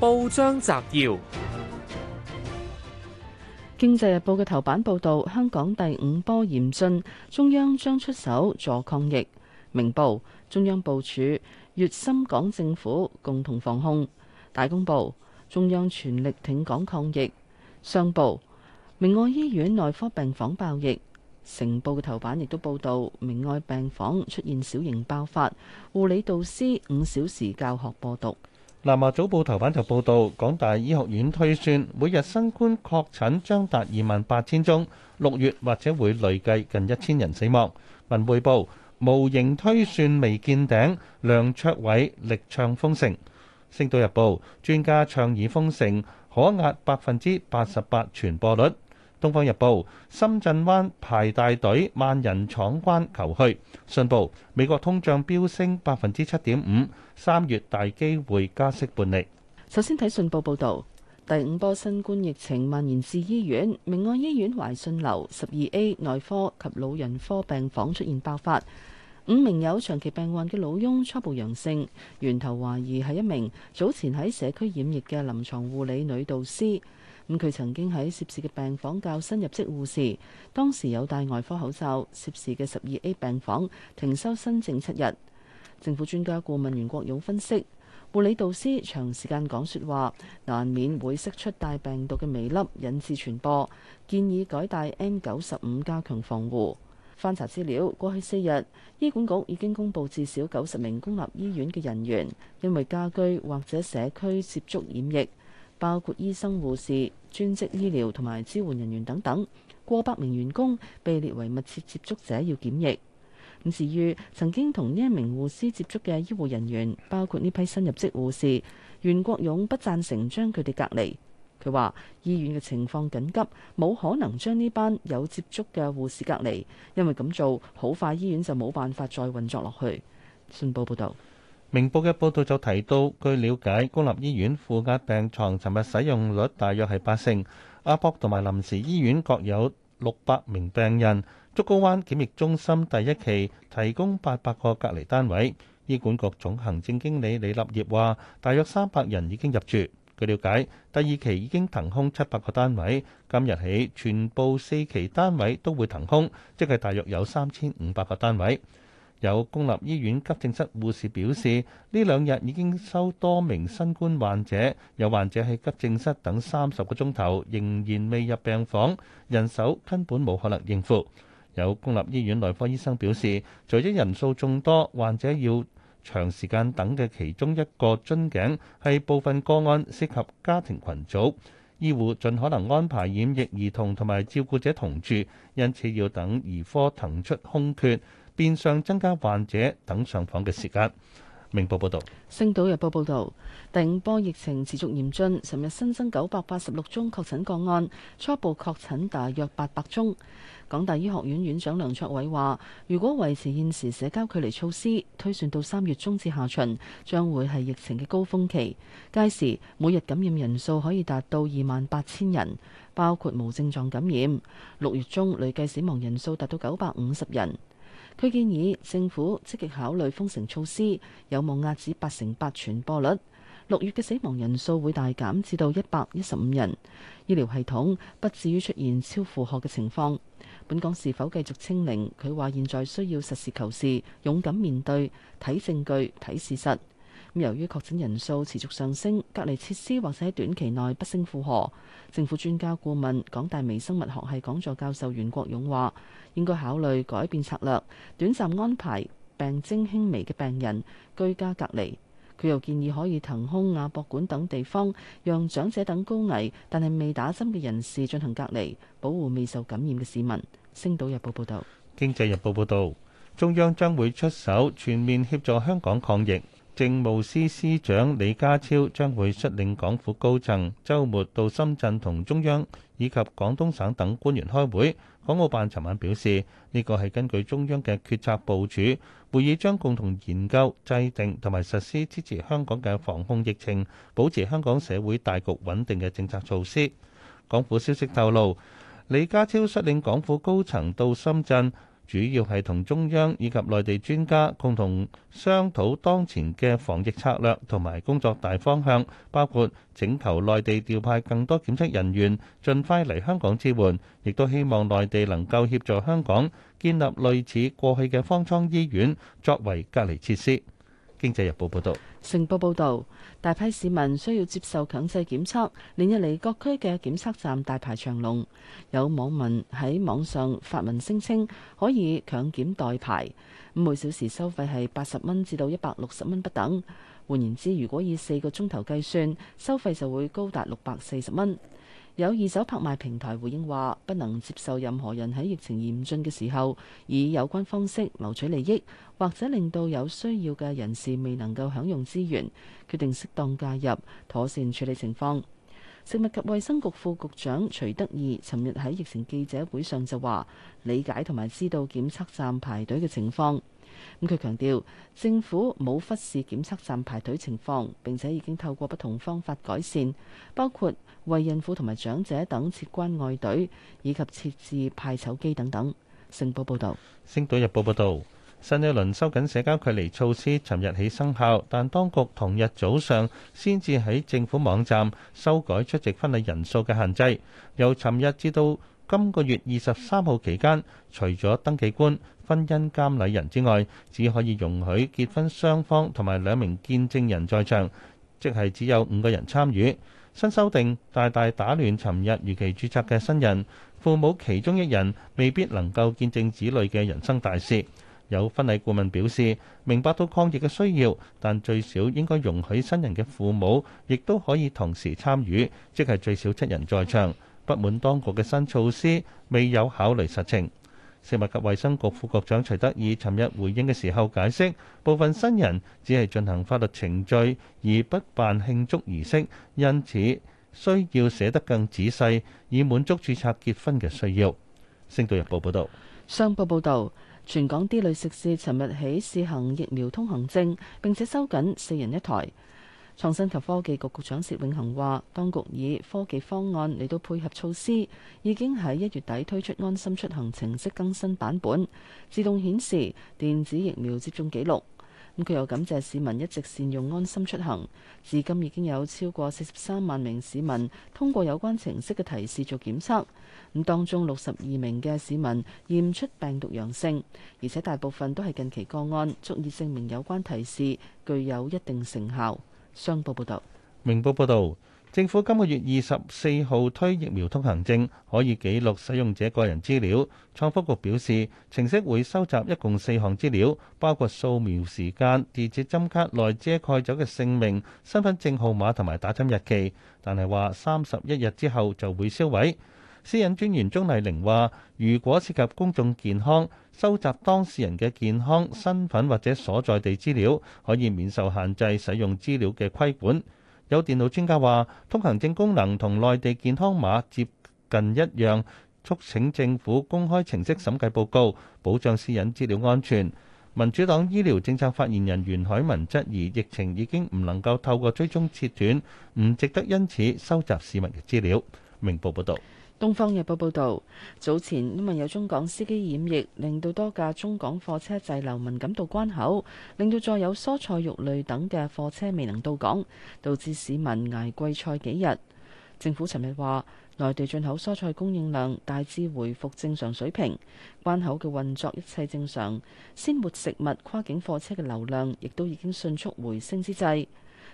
報章摘要：經濟日報嘅頭版報道香港第五波嚴峻，中央將出手助抗疫。明報中央部署，粵深港政府共同防控。大公報中央全力挺港抗疫。商報明愛醫院內科病房爆疫。成報嘅頭版亦都報道明愛病房出現小型爆發，護理導師五小時教學播毒。南華早報頭版就報導，港大醫學院推算，每日新冠確診將達二萬八千宗，六月或者會累計近一千人死亡。文匯報模型推算未見頂，梁卓偉力倡封城。星島日報專家倡議封城，可壓百分之八十八傳播率。《東方日報》深圳灣排大隊，萬人闖關求去。信報美國通脹飆升百分之七點五，三月大機會加息半釐。首先睇信報報道，第五波新冠疫情蔓延至醫院，明愛醫院懷信樓十二 A 內科及老人科病房出現爆發，五名有長期病患嘅老翁初步陽性，源頭懷疑係一名早前喺社區染疫嘅臨床護理女導師。咁佢曾經喺涉事嘅病房教新入職護士，當時有戴外科口罩。涉事嘅十二 A 病房停收新症七日。政府專家顧問袁國勇分析，護理導師長時間講說話，難免會釋出帶病毒嘅微粒，引致傳播。建議改戴 N 九十五加強防護。翻查資料，過去四日，醫管局已經公佈至少九十名公立醫院嘅人員因為家居或者社區接觸染疫。包括醫生、護士、專職醫療同埋支援人員等等，過百名員工被列為密切接觸者要檢疫。至於曾經同呢一名護士接觸嘅醫護人員，包括呢批新入職護士，袁國勇不贊成將佢哋隔離。佢話：醫院嘅情況緊急，冇可能將呢班有接觸嘅護士隔離，因為咁做好快醫院就冇辦法再運作落去。信報報道。明報嘅報道就提到，據了解，公立醫院負壓病床尋日使用率大約係八成。亞博同埋臨時醫院各有六百名病人。竹篙灣檢疫中心第一期提供八百個隔離單位，醫管局總行政經理李立業話，大約三百人已經入住。據了解，第二期已經騰空七百個單位，今日起全部四期單位都會騰空，即係大約有三千五百個單位。有公立醫院急症室護士表示，呢兩日已經收多名新冠患者，有患者喺急症室等三十個鐘頭，仍然未入病房，人手根本冇可能應付。有公立醫院內科醫生表示，除咗人數眾多、患者要長時間等嘅其中一個樽頸係部分個案涉及家庭群組，醫護盡可能安排染疫兒童同埋照顧者同住，因此要等兒科騰出空缺。變相增加患者等上訪嘅時間。明報報道，《星島日報》報道，第五波疫情持續嚴峻，尋日新增九百八十六宗確診個案，初步確診大約八百宗。港大醫學院院長梁卓偉話，如果維持現時社交距離措施，推算到三月中至下旬將會係疫情嘅高峰期，屆時每日感染人數可以達到二萬八千人，包括無症狀感染。六月中累計死亡人數達到九百五十人。佢建議政府積極考慮封城措施，有望壓止八成八傳播率，六月嘅死亡人數會大減至到一百一十五人，醫療系統不至於出現超負荷嘅情況。本港是否繼續清零？佢話現在需要實事求是、勇敢面對，睇證據、睇事實。由於確診人數持續上升，隔離設施或者喺短期內不勝負荷。政府專家顧問、港大微生物學系講座教授袁國勇話：應該考慮改變策略，短暫安排病徵輕微嘅病人居家隔離。佢又建議可以騰空亞博館等地方，讓長者等高危但係未打針嘅人士進行隔離，保護未受感染嘅市民。星島日報報道：《經濟日報》報道，中央將會出手全面協助香港抗疫。政務司司長李家超將會率領港府高層週末到深圳同中央以及廣東省等官員開會。港澳辦尋晚表示，呢個係根據中央嘅決策部署，會議將共同研究、制定同埋實施支持香港嘅防控疫情、保持香港社會大局穩定嘅政策措施。港府消息透露，李家超率領港府高層到深圳。主要係同中央以及內地專家共同商討當前嘅防疫策略同埋工作大方向，包括請求內地調派更多檢測人員，盡快嚟香港支援，亦都希望內地能夠協助香港建立類似過去嘅方艙醫院作為隔離設施。經濟日報報導，成報報導，大批市民需要接受強制檢測，連日嚟各區嘅檢測站大排長龍。有網民喺網上發文聲稱，可以強檢代排，每小時收費係八十蚊至到一百六十蚊不等。換言之，如果以四個鐘頭計算，收費就會高達六百四十蚊。有二手拍賣平台回應話：不能接受任何人喺疫情嚴峻嘅時候以有關方式謀取利益，或者令到有需要嘅人士未能夠享用資源，決定適當介入，妥善處理情況。食物及衛生局副局長徐德義尋日喺疫情記者會上就話：理解同埋知道檢測站排隊嘅情況。咁佢強調，政府冇忽視檢測站排隊情況，並且已經透過不同方法改善，包括為孕婦同埋長者等設關愛隊，以及設置派籌機等等。成報報導，星島日報報導。新一輪收緊社交距離措施，尋日起生效，但當局同日早上先至喺政府網站修改出席婚禮人數嘅限制，由尋日至到今個月二十三號期間，除咗登記官、婚姻監禮人之外，只可以容許結婚雙方同埋兩名見證人在場，即係只有五個人參與。新修訂大大打亂尋日如期註冊嘅新人，父母其中一人未必能夠見證子女嘅人生大事。有婚禮顧問表示明白到抗疫嘅需要，但最少應該容許新人嘅父母亦都可以同時參與，即係最少七人在場。不滿當局嘅新措施未有考慮實情。食物及衛生局副，副局長徐德義尋日回應嘅時候解釋，部分新人只係進行法律程序而不辦慶祝儀式，因此需要寫得更仔細，以滿足註冊結婚嘅需要。星島日報報道。商報報導。全港 D 類食肆尋日起試行疫苗通行證，並且收緊四人一台。創新及科技局局長薛永恒話，當局以科技方案嚟到配合措施，已經喺一月底推出安心出行程式更新版本，自動顯示電子疫苗接種記錄。佢又感謝市民一直善用安心出行，至今已經有超過四十三萬名市民通過有關程式嘅提示做檢測，咁當中六十二名嘅市民驗出病毒陽性，而且大部分都係近期個案，足以證明有關提示具有一定成效。商報報道：明報報道。政府今個月二十四號推疫苗通行證，可以記錄使用者個人資料。創科局表示，程式會收集一共四項資料，包括掃描時間、電子針卡內遮蓋咗嘅姓名、身份證號碼同埋打針日期。但係話三十一日之後就會銷毀。私隱專員鍾麗玲話，如果涉及公眾健康，收集當事人嘅健康、身份或者所在地資料，可以免受限制使用資料嘅規管。有電腦專家話，通行證功能同內地健康碼接近一樣，促請政府公開程式審計報告，保障私隱資料安全。民主黨醫療政策發言人袁海文質疑，疫情已經唔能夠透過追蹤切斷，唔值得因此收集市民嘅資料。明報報道。《東方日報》報導，早前因為有中港司機染疫，令到多架中港貨車滯留文錦渡關口，令到載有蔬菜、肉類等嘅貨車未能到港，導致市民挨貴菜幾日。政府尋日話，內地進口蔬菜供應量大致回復正常水平，關口嘅運作一切正常，鮮活食物跨境貨車嘅流量亦都已經迅速回升之際。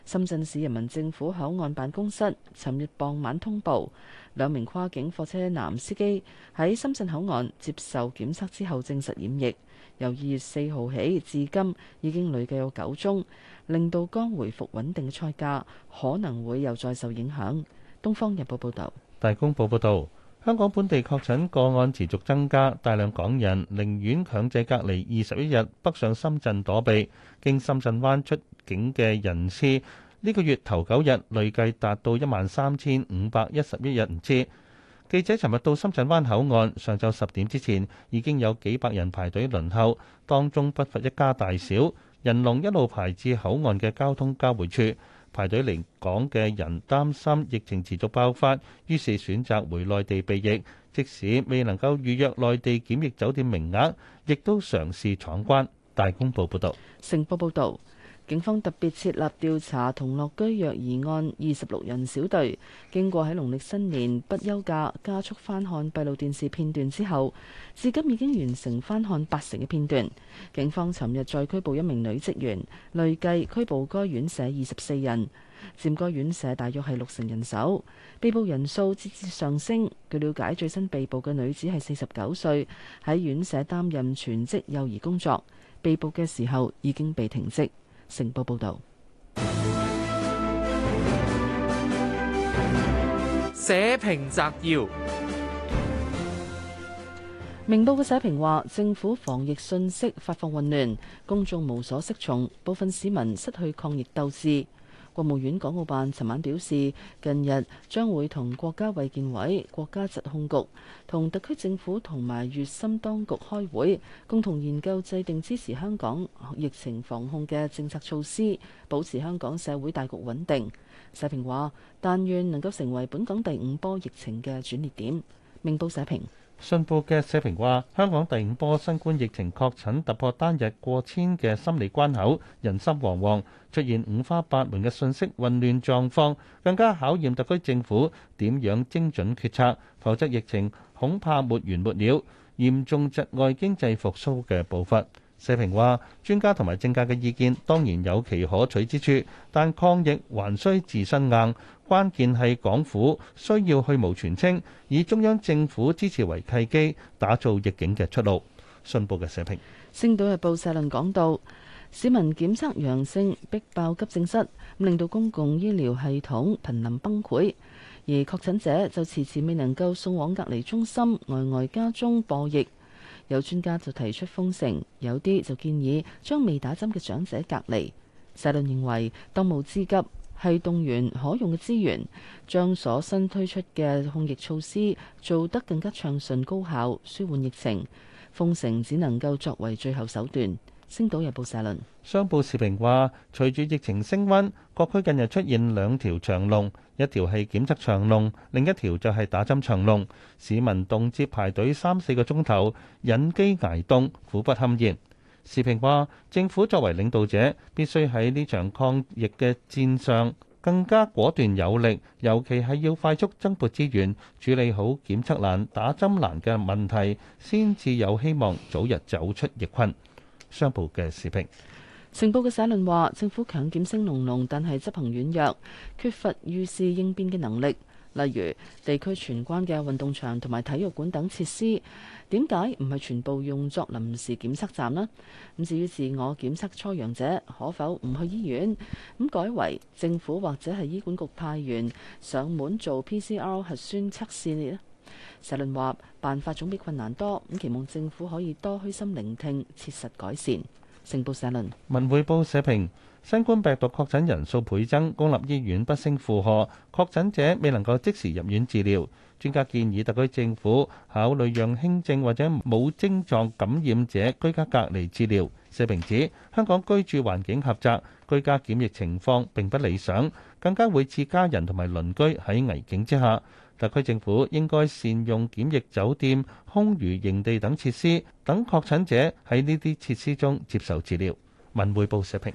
深圳市人民政府口岸辦公室尋日傍晚通報兩名跨境貨車男司機喺深圳口岸接受檢測之後證實染疫。由二月四號起至今，已經累計有九宗，令到剛回復穩定嘅菜價可能會又再受影響，東方日報報道。大公報，報道》報導。香港本地確診個案持續增加，大量港人寧願強制隔離二十一日，北上深圳躲避，經深圳灣出境嘅人次，呢個月頭九日累計達到一萬三千五百一十一人次。記者尋日到深圳灣口岸，上晝十點之前已經有幾百人排隊輪候，當中不乏一家大小，人龍一路排至口岸嘅交通交匯處。排隊嚟港嘅人擔心疫情持續爆發，於是選擇回內地避疫。即使未能夠預約內地檢疫酒店名額，亦都嘗試闖關。大公報報導，成報報導。警方特別設立調查童樂居虐兒案二十六人小隊，經過喺農曆新年不休假加速翻看閉路電視片段之後，至今已經完成翻看八成嘅片段。警方尋日再拘捕一名女職員，累計拘捕該院舍二十四人，佔該院舍大約係六成人手。被捕人數節節上升。據了解，最新被捕嘅女子係四十九歲，喺院舍擔任全職幼兒工作，被捕嘅時候已經被停職。成報報導，社評摘要：明報嘅社評話，政府防疫信息發放混亂，公眾無所適從，部分市民失去抗疫鬥志。國務院港澳辦尋晚表示，近日將會同國家衛健委、國家疾控局同特區政府同埋粵深當局開會，共同研究制定支持香港疫情防控嘅政策措施，保持香港社會大局穩定。社評話：但願能夠成為本港第五波疫情嘅轉捩點。明報社評。信報嘅社評話：香港第五波新冠疫情確診突破單日過千嘅心理關口，人心惶惶，出現五花八門嘅信息混亂狀況，更加考驗特區政府點樣精準決策，否則疫情恐怕沒完沒了，嚴重窒礙經濟復甦嘅步伐。社評話：專家同埋政界嘅意見當然有其可取之處，但抗疫還需自身硬。關鍵係港府需要去無全清，以中央政府支持為契機，打造逆境嘅出路。信報嘅社評。《星島日報》社論講到，市民檢測陽性逼爆急症室，令到公共醫療系統頻臨崩潰，而確診者就遲遲未能夠送往隔離中心，外外家中播疫。有專家就提出封城，有啲就建議將未打針嘅長者隔離。社論認為，當務之急，係動員可用嘅資源，將所新推出嘅控疫措施做得更加暢順高效，舒緩疫情。封城只能夠作為最後手段。星島日報社論，商報視頻話，隨住疫情升溫，各區近日出現兩條長龍，一條係檢測長龍，另一條就係打針長龍。市民凍接排隊三四個鐘頭，忍飢挨凍，苦不堪言。時評話：政府作為領導者，必須喺呢場抗疫嘅戰上更加果斷有力，尤其係要快速增撥資源，處理好檢測難、打針難嘅問題，先至有希望早日走出疫困。商報嘅時評，成報嘅社論話：政府強檢聲隆隆，但係執行軟弱，缺乏遇事應變嘅能力。例如地區全關嘅運動場同埋體育館等設施，點解唔係全部用作臨時檢測站呢？咁至於自我檢測初陽者，可否唔去醫院，咁改為政府或者係醫管局派員上門做 PCR 核酸測試呢？社論話：辦法總比困難多，咁期望政府可以多虛心聆聽，切實改善。成報社論，文匯報社評。新冠病毒確診人數倍增，公立醫院不勝負荷，確診者未能夠即時入院治療。專家建議特區政府考慮讓輕症或者冇症狀感染者居家隔離治療。社評指香港居住環境狹窄，居家檢疫情況並不理想，更加會置家人同埋鄰居喺危境之下。特區政府應該善用檢疫酒店、空餘營地等設施，等確診者喺呢啲設施中接受治療。文匯報社評。